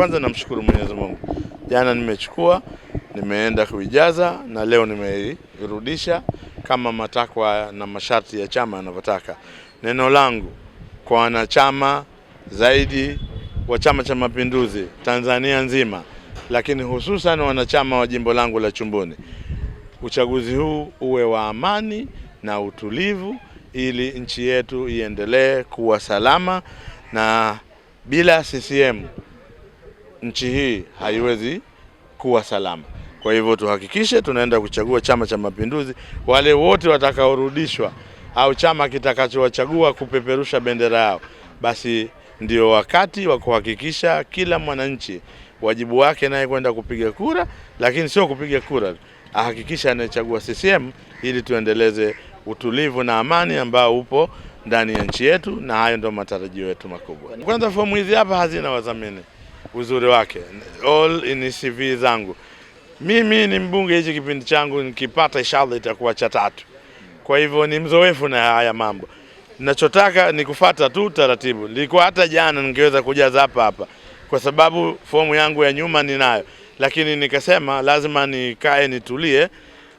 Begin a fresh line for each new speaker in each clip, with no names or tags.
kwanza namshukuru Mwenyezi Mungu, jana nimechukua nimeenda kuijaza na leo nimeirudisha kama matakwa na masharti ya chama yanavyotaka. Neno langu kwa wanachama zaidi wa Chama cha Mapinduzi Tanzania nzima, lakini hususan wanachama wa jimbo langu la Chumbuni, uchaguzi huu uwe wa amani na utulivu, ili nchi yetu iendelee kuwa salama na bila CCM nchi hii haiwezi kuwa salama. Kwa hivyo tuhakikishe tunaenda kuchagua Chama cha Mapinduzi, wale wote watakaorudishwa au chama kitakachowachagua kupeperusha bendera yao, basi ndio wakati wa kuhakikisha kila mwananchi wajibu wake naye kwenda kupiga kura, lakini sio kupiga kura, ahakikisha anayechagua CCM ili tuendeleze utulivu na amani ambao upo ndani ya nchi yetu, na hayo ndio matarajio yetu makubwa.
Kwanza fomu hizi hapa hazina wadhamini uzuri wake. All in CV zangu mimi ni mbunge, hichi kipindi changu nikipata inshallah itakuwa cha tatu. Kwa hivyo ni mzoefu na haya mambo. Ninachotaka ni kufata tu taratibu. Nilikuwa hata jana ningeweza kujaza hapa hapa, kwa sababu fomu yangu ya nyuma ninayo, lakini nikasema lazima nikae nitulie,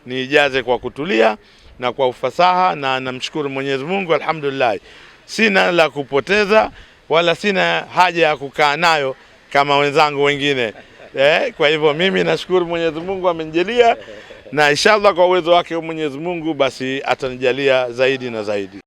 nijaze kwa kutulia na kwa ufasaha, na namshukuru Mwenyezi Mungu, alhamdulillah, sina la kupoteza wala sina haja ya kukaa nayo kama wenzangu wengine eh. Kwa hivyo mimi nashukuru Mwenyezi Mungu amenijalia, na inshallah kwa uwezo wake Mwenyezi Mungu basi atanijalia zaidi na zaidi.